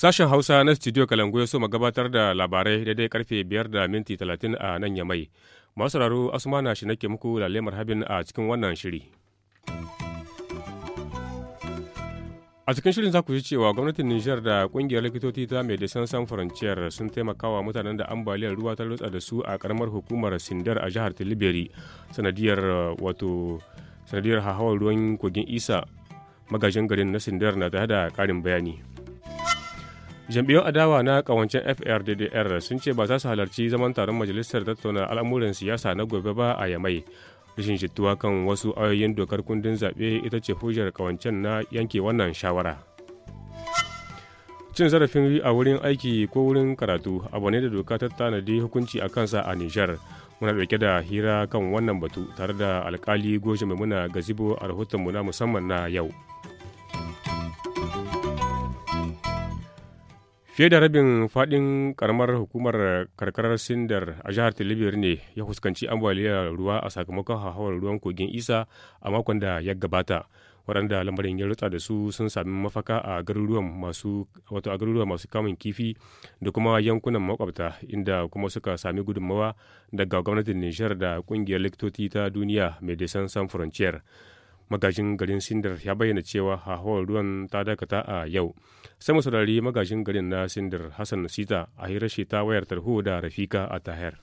Sashen Hausa na studio Kalangu ya so ma gabatar da labarai daidai karfe biyar da minti talatin a nan ya mai Masu sauraro Asmana shi nake muku lalemar habin a cikin wannan shiri. A cikin shirin za ku ji cewa gwamnatin Nijar da kungiyar likitoci ta da san Frontières sun taimakawa mutanen da ambaliyar ruwa ta lutsa da su a karamar hukumar Sindar a jihar Tilibiri sanadiyar uh, wato sanadiyar hahawar ruwan kogin Isa magajin garin na Sindar na tare da karin bayani. jam'iyyar adawa na kawancen FRDDR sun ce ba za su halarci zaman taron majalisar tattauna al'amuran siyasa na gobe ba a Yamai. Rashin shittuwa kan wasu ayoyin dokar kundin zaɓe ita ce hujjar kawancen na yanke wannan shawara. Cin zarafin a wurin aiki ko wurin karatu abu ne da doka ta tanadi hukunci a kansa a Nijar. Muna ɗauke da hira kan wannan batu tare da alkali mai muna Gazibo a rahotonmu na musamman na yau. Fiye da rabin fadin karamar hukumar karkarar Sindar a jihar Tilibir ne ya fuskanci ambaliyar ruwa a sakamakon hauhawar ruwan kogin Isa a makon da ya gabata. Waɗanda lamarin ya rutsa da su sun sami mafaka a garuruwan masu wato a garuruwan masu kamun kifi da kuma yankunan makwabta inda kuma suka sami gudunmawa daga gwamnatin nishar da ƙungiyar likitoci ta duniya mai San Frontier. magajin garin sindar ya bayyana cewa hahawar ruwan ta dakata a yau sai mu saurari magajin garin na sindar hassan sita a hirar shi ta wayar tarho da rafika a tahir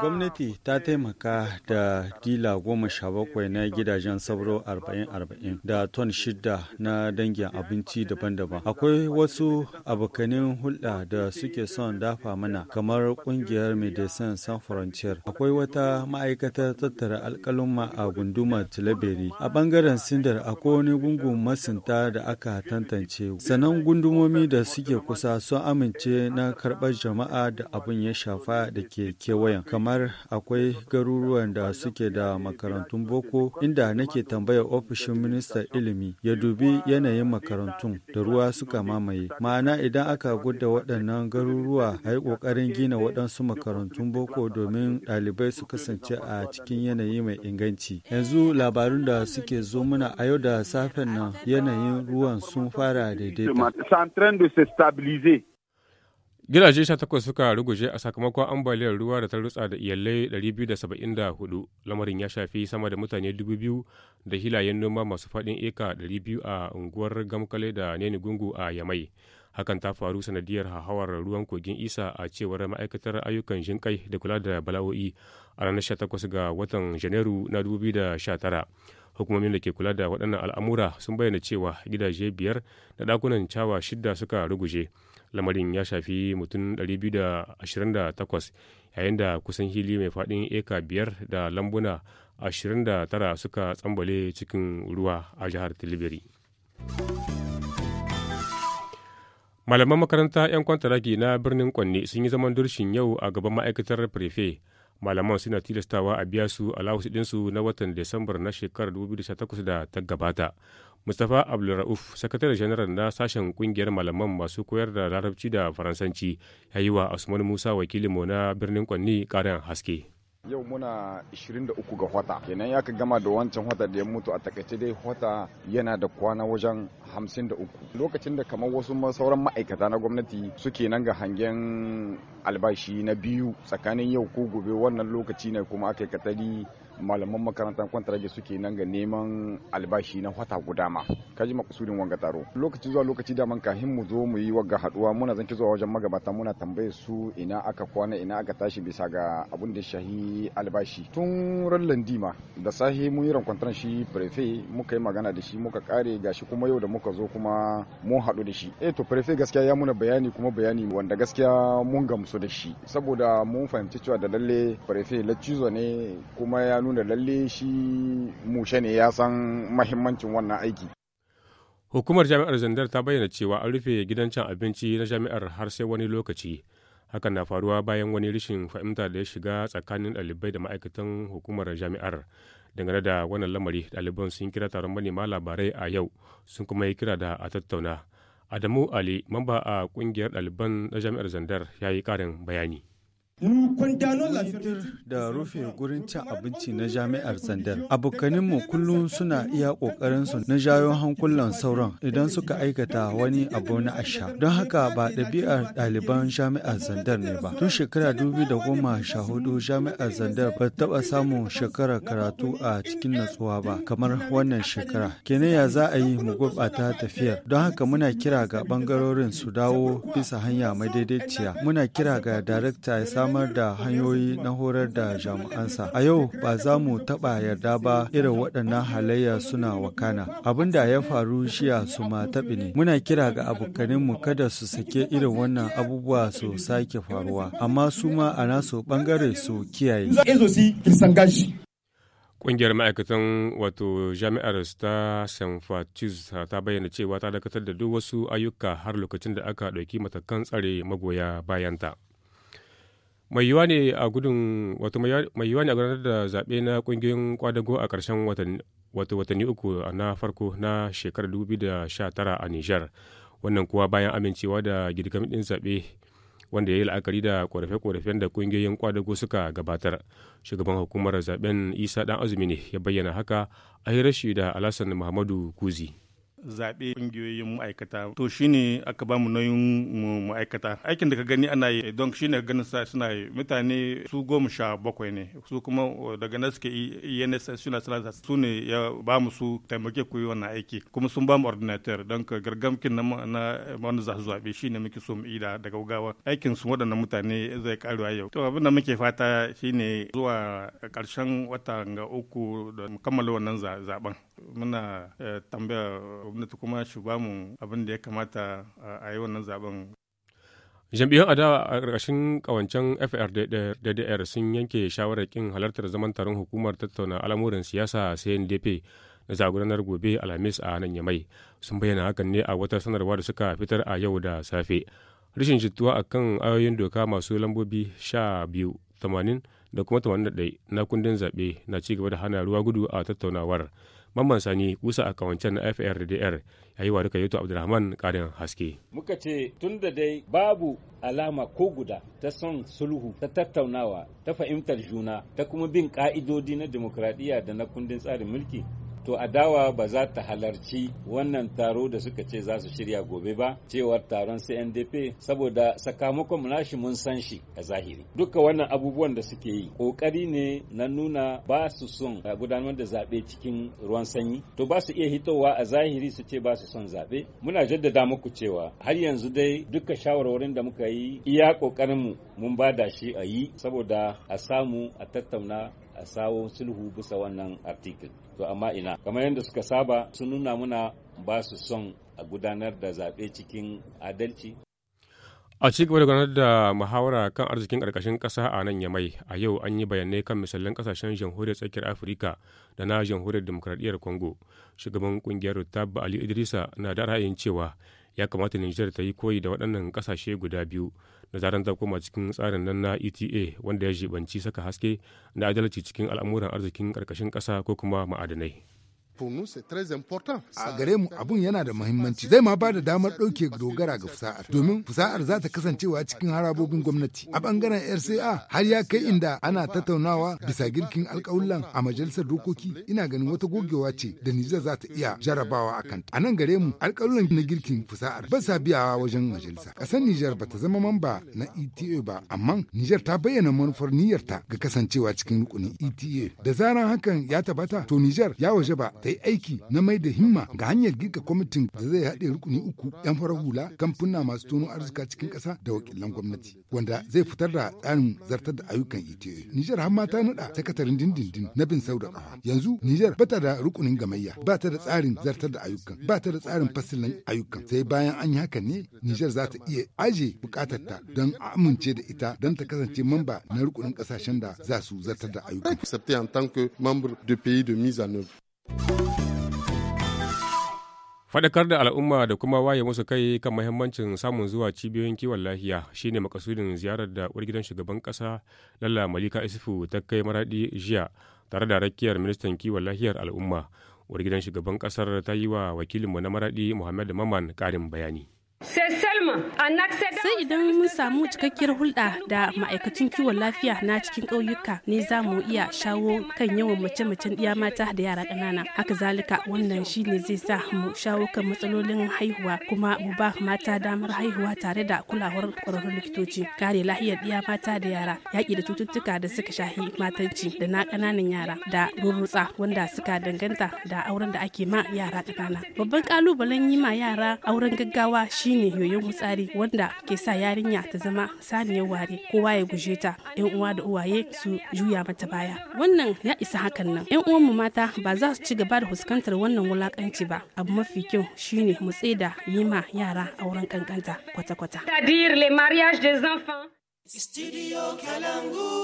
Gwamnati ta taimaka da dila goma sha bakwai na gidajen sabro arba'in arba'in da ton shida na dangin abinci daban-daban. Akwai wasu abokanin hulɗa da suke son dafa mana kamar ƙungiyar Medecins san Frontier. Akwai wata ma'aikatar tattara alƙaluma a gundumar Tilaberi. A bangaren Sindar akwai wani gungu masinta da aka tantance. Sannan gundumomi da suke kusa sun amince na karɓar jama'a da abin ya shafa da ke kewayen kamar akwai garuruwan da suke da makarantun boko inda nake tambaya ofishin minista ilimi ya dubi yanayin makarantun da ruwa suka mamaye ma'ana idan aka gudda waɗannan garuruwa a yi ƙoƙarin gina waɗansu makarantun boko domin ɗalibai su kasance a cikin yanayi mai inganci yanzu labarun da suke zo mana a yau da safen nan yanayin ruwan sun fara daidaita Gidaje sha takwas suka ruguje a sakamakon ambaliyar ruwa da ta rutsa da iyalai 274 lamarin ya shafi sama da mutane 2,000 da hilayen noma masu faɗin eka 200 a unguwar gamkale da neni gungu a yamai hakan ta faru sanadiyar hahawar ruwan kogin isa a cewar ma'aikatar ayyukan jinƙai da kula da bala'o'i a ranar 18 ga watan janairu na 2019 hukumomin da ke kula da waɗannan al'amura sun bayyana cewa gidaje biyar da ɗakunan cawa shidda suka ruguje. lamarin ya shafi mutum 228 yayin da kusan hili mai faɗin eka biyar da lambuna 29 suka tsambale cikin ruwa a jihar tilibiri malaman makaranta 'yan kwantaraki na birnin kwanne sun yi zaman durshin yau a gaban ma'aikatar prefe malaman suna tilastawa a biya su alawus ɗinsu na watan disambar na shekarar 2018 da ta gabata Mustapha Abdulra'uf, sakataren janar na sashen kungiyar malaman masu koyar da larabci da faransanci, ya yi wa Usman Musa wakilinmu na birnin Kwanni karin haske. yau muna 23 ga wata kenan ya ka gama da wancan wata da ya mutu a takaice dai wata yana da kwana wajen 53 lokacin da kamar wasu sauran ma'aikata na gwamnati suke nan ga hangen albashi na biyu tsakanin yau ko gobe wannan lokaci ne kuma aka katari malaman makarantar kwantar da suke nan ga neman albashi na wata guda ma kaji makasudin wanga taro lokaci zuwa lokaci da daman kahin mu zo mu yi wagga haduwa muna zanki zuwa wajen magabata muna tambaye su ina aka kwana ina aka tashi bisa ga abun da shahi albashi tun ran Dima da sahi mun yi rankwantar shi prefe muka yi magana da shi muka kare gashi kuma yau da muka zo kuma mun haɗu da shi eh to prefe gaskiya ya muna bayani kuma bayani wanda gaskiya mun gamsu da shi saboda mun fahimci cewa da lalle prefe lacizo ne kuma ya nuna lalle shi mushe ne ya san mahimmancin wannan aiki hukumar jami'ar zandar ta bayyana cewa an rufe gidan cin abinci na jami'ar har sai wani lokaci hakan na faruwa bayan wani rashin fahimta da ya shiga tsakanin ɗalibai da ma'aikatan hukumar jami'ar dangane da wannan lamari ɗaliban sun kira taron manema labarai a yau sun kuma yi kira da a tattauna adamu ali mamba a ƙungiyar ɗaliban na jami'ar zandar ya yi ƙarin bayani da rufe gurin cin abinci na jami'ar zandar abokaninmu kullum suna iya su na jayo hankulan sauran idan suka aikata wani abu na asha don haka ba ɗabi'ar ɗaliban jami'ar zandar ne ba tun shekara dubi da goma sha hudu jami'ar zandar ba taɓa samun shekarar karatu a cikin natsuwa ba kamar wannan shekara kenan ya za a yi mu gurɓata tafiyar don haka muna kira ga ɓangarorin su dawo bisa hanya madaidaiciya muna kira ga darakta ya samar da hanyoyi na horar da jami'ansa. A yau ba za mu taɓa yarda ba irin waɗannan halayya suna wakana. Abin da ya faru shiya su ma taɓi ne. Muna kira ga mu kada su sake irin wannan abubuwa su sake faruwa. Amma su ma a nasu ɓangare su kiyaye. Ƙungiyar ma'aikatan wato jami'ar ta Sanfatis ta bayyana cewa ta dakatar da duk wasu ayyuka har lokacin da aka ɗauki matakan tsare magoya bayanta. mai yiwa ne a gudun wato mai yiwa ne a gudanar da zaɓe na ƙungiyoyin kwadago a ƙarshen wato watanni uku na farko na shekarar 2019 a Nijar. Wannan kuwa bayan amincewa da girgamin ɗin zaɓe wanda ya yi la'akari da ƙorafe-ƙorafen da ƙungiyoyin kwadago suka gabatar. Shugaban hukumar zaɓen Isa Ɗan Azumi ne ya bayyana haka a rashi da Alhassan Muhammadu Kuzi. zaɓe ƙungiyoyin ma'aikata to shine aka bamu nauyin ma'aikata aikin da ka gani ana yi don shine ganin sa suna yi mutane su goma sha bakwai ne su kuma daga na suke ENS suna suna su ne ya bamu su taimake ku yi wannan aiki kuma sun bamu ordinateur don ka gargamkin na na za su zaɓe shine muke so mu ida daga gawa aikin su waɗannan mutane zai karuwa yau to abin da muke fata shine zuwa ƙarshen watan ga uku da kammala wannan zaben muna eh, tambaya gwamnati kuma shi bamu abin da ya kamata eh, a yi wannan zaben jam'iyyun adawa a ƙarƙashin ƙawancen FRDDR sun yanke shawarar kin halartar zaman taron hukumar tattauna al'amuran siyasa CNDP da zagunanar gobe Alhamis a nan Yamai. Sun bayyana hakan ne a wata sanarwa da suka fitar a yau da safe. Rashin jituwa a kan ayoyin doka masu lambobi sha biyu tamanin da kuma 81 na kundin zaɓe na ci gaba da hana ruwa gudu a tattaunawar. Mamman Sani kusa a kawancen na FRDR ya yi wa duka yato Abdulrahman Kadin haske. Muka ce tun da dai babu alama ko guda ta son sulhu ta tattaunawa ta fahimtar juna ta kuma bin ka'idodi na demokradiyya da na kundin tsarin mulki to adawa ba za ta halarci wannan taro da suka ce za su shirya gobe ba cewar taron CNDP saboda sakamakon nashi mun san shi a zahiri duka wannan abubuwan da suke yi kokari ne na nuna ba su son gudanar da zaɓe cikin ruwan sanyi to ba su iya hitowa a zahiri su ce ba su son zaɓe muna jaddada muku cewa har yanzu dai duka shawarwarin da muka yi iya kokarin mu mun ba da shi a yi saboda a samu a tattauna a sawo sulhu bisa wannan artikel to amma ina kamar yadda suka saba sun nuna muna ba su son a gudanar da zaɓe cikin adalci a ci gaba da gudanar da muhawara kan arzikin ƙarƙashin ƙasa a nan yamai a yau an yi bayanai kan misalan ƙasashen jamhuriyar tsakiyar afirka da na jamhuriyar demokradiyyar congo shugaban ƙungiyar tabb ali idrisa na da ra'ayin cewa ya kamata Nijar ta yi koyi da waɗannan ƙasashe guda biyu na zaran ta koma cikin tsarin nan na ETA wanda ya jibanci saka haske na adalci cikin al'amuran arzikin ƙarƙashin ƙasa ko kuma ma'adanai. A gare mu abun yana da muhimmanci zai ma ba da damar ɗauke dogara ga fusa'a domin fusa'ar za ta kasancewa cikin harabobin gwamnati. A bangaren RCA har ya kai inda ana tattaunawa bisa girkin alƙawullan a majalisar dokoki ina ganin wata gogewa ce da Nijar za ta iya jarabawa a kanta. A nan gare mu alƙawullan na girkin fusa'ar ba sa biyawa wajen majalisa. Ƙasar Nijar ba ta zama mamba na ETA ba amma Nijar ta bayyana manufar niyyarta ga kasancewa cikin rukunin ETA. Da zaran hakan ya tabbata to Nijar ya waje ba ta yi aiki na mai da himma ga hanyar girka kwamitin da zai haɗe rukuni uku 'yan farar hula kamfuna masu tono arzika cikin ƙasa da wakilan gwamnati wanda zai fitar da tsarin zartar da ayyukan ita e Nijar har mata naɗa sakatarin dindindin na bin sau da ƙafa. Yanzu Nijar bata da rukunin gamayya, ba ta da tsarin zartar da ayyukan, ba ta da tsarin fasilin ayyukan. Sai bayan an yi haka ne Nijar za ta iya aje ta don a amince da ita don ta kasance mamba na rukunin ƙasashen da za su zartar da ayyukan. Faɗakar da al'umma da kuma waye musu kai kan mahimmancin samun zuwa cibiyoyin kiwon lafiya shine makasudin ziyarar da uwar gidan shugaban ƙasa Lalla Malika Isufu ta kai maraɗi jiya tare da rakiyar ministan kiwon lafiyar al'umma. Uwar gidan shugaban ƙasar ta yi wa wakilinmu na maraɗi Muhammad Maman ƙarin bayani. Sai idan mun samu cikakkiyar hulɗa da ma'aikacin kiwon lafiya na cikin ƙauyuka ne za mu iya shawo kan yawan mace-macen ɗiya mata da yara ƙanana. Haka zalika wannan shi ne zai sa mu shawo kan matsalolin haihuwa kuma mu ba mata damar haihuwa tare da kulawar ƙwararrun likitoci. Kare lafiyar ɗiya mata da yara, yaƙi da cututtuka da suka shahi matanci da na ƙananan yara da rurrutsa wanda suka danganta da auren da ake ma yara ƙanana. Babban ƙalubalen yi ma yara auren gaggawa shine yoyon tsari wanda ke sa yarinya ta zama saniyar ware kowa ya guje ta yan uwa da uwaye su juya mata baya wannan ya isa hakan nan yan uwanmu mata ba za su ci gaba da fuskantar wannan wulakanci ba abu mafi kyau shine mu da yi ma yara auren kankanta kwata-kwata. Studio Kalangu.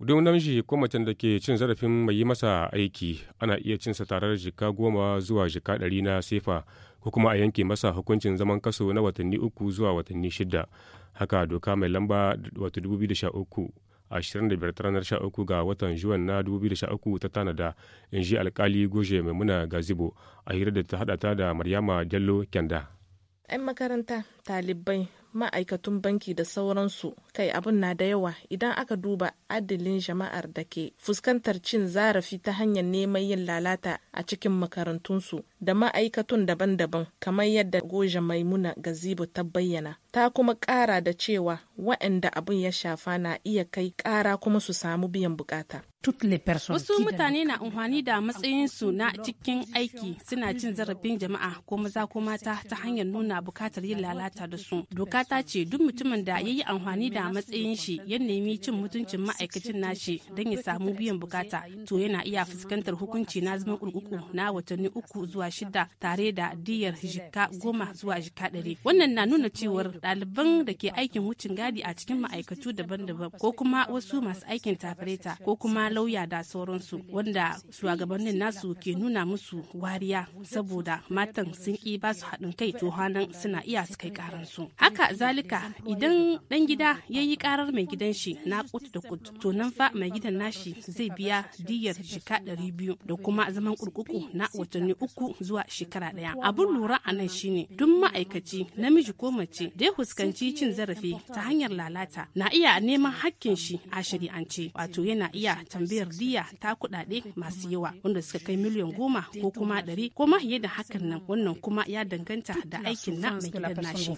duk namiji ko macen da ke cin zarafin mai yi masa aiki ana iya cinsa da jika goma zuwa jika ɗari na sefa ko kuma a yanke masa hukuncin zaman kaso na watanni uku zuwa watanni shida haka doka mai lamba wato 2013 25 ranar uku ga watan juwan na dubu biyu da sha uku ta tanada in ji alkali goje maimuna gazibo a hira da ta haɗa ta da maryama jallo kyanda 'yan makaranta talibai ma'aikatun banki da sauransu kai abin na da yawa idan aka duba adilin jama'ar da ke fuskantar cin zarafi ta hanyar neman yin lalata a cikin makarantunsu da ma'aikatun daban-daban kamar yadda goja maimuna gazibo ta bayyana ta kuma ƙara da cewa waɗanda abin ya shafa na iya kai ƙara kuma su samu biyan bukata Wasu mutane na amfani da matsayinsu na cikin aiki suna cin zarafin jama'a ko maza ko mata ta hanyar nuna bukatar yin lalata da su. Doka ta ce duk mutumin da ya yi amfani da matsayin shi ya nemi cin mutuncin ma'aikacin nashi don ya samu biyan bukata to yana iya fuskantar hukunci na zaman kurkuku na watanni uku zuwa shida tare da diyar jika goma zuwa jika ɗari. Wannan na nuna cewar ɗaliban da ke aikin wucin gadi a cikin ma'aikatu daban-daban ko kuma wasu masu aikin tafareta ko kuma lauya da sauransu wanda shugabannin nasu ke nuna musu wariya saboda matan sun ki ba su haɗin kai to hanan suna iya su kai karansu haka zalika idan dan gida ya yi karar mai gidan shi na kut da kut to nan fa mai gidan nashi zai biya diyar shika ɗari biyu da kuma zaman kurkuku na watanni uku zuwa shekara ɗaya abun lura a nan shine duk ma'aikaci namiji ko mace da ya fuskanci cin zarafi ta hanyar lalata na iya neman hakkin shi a shari'ance wato yana iya tambaya tambayar diya ta kuɗaɗe masu yawa wanda suka kai miliyan goma ko kuma ɗari ko ma fiye da hakan nan wannan kuma ya danganta da aikin na mai gidan nashi.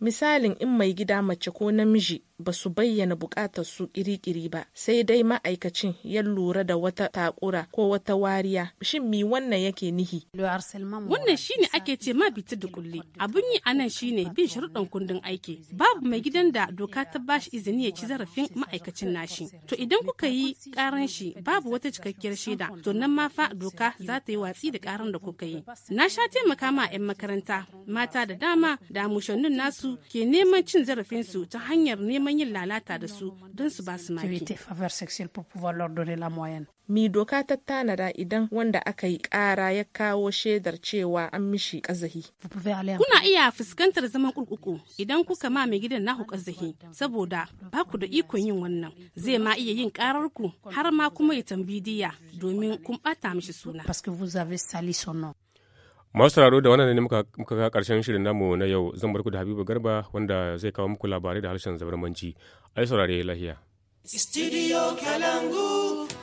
Misalin in mai gida mace ko namiji ba su bayyana bukatar su ƙiri-ƙiri ba sai dai ma'aikacin ya lura da wata takura ko wata wariya shin mi wannan yake nihi wannan shine ake ce ma bita da kulle abun yi anan shine bin sharuɗan kundin aiki babu mai gidan da doka ta bashi izini ya ci zarafin ma'aikacin nashi shi to idan kuka yi karan shi babu wata cikakkiyar shaida to nan ma fa doka za ta yi watsi da karan da kuka yi na sha taimaka ma 'yan makaranta mata da dama da mushannin nasu ke neman cin zarafin su ta hanyar neman yin lalata da su don su ba su maki mi doka ta tanada idan wanda aka yi kara ya kawo shaidar cewa an mishi kazahi. Kuna iya fuskantar zaman kurkuku idan kuka ma mai gidan naku kazahi saboda ba ku da ikon yin wannan zai ma iya yin karar ku har ma kuma ya tambidiya domin kun bata mishi suna. Masu sauraro da wannan ne muka ga karshen shirin namu na yau zan bar ku da Habibu Garba wanda zai kawo muku labarai da harshen zabarmanci. Ai saurare lahiya. Studio Kalangu.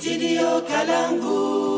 Studio Kalangu.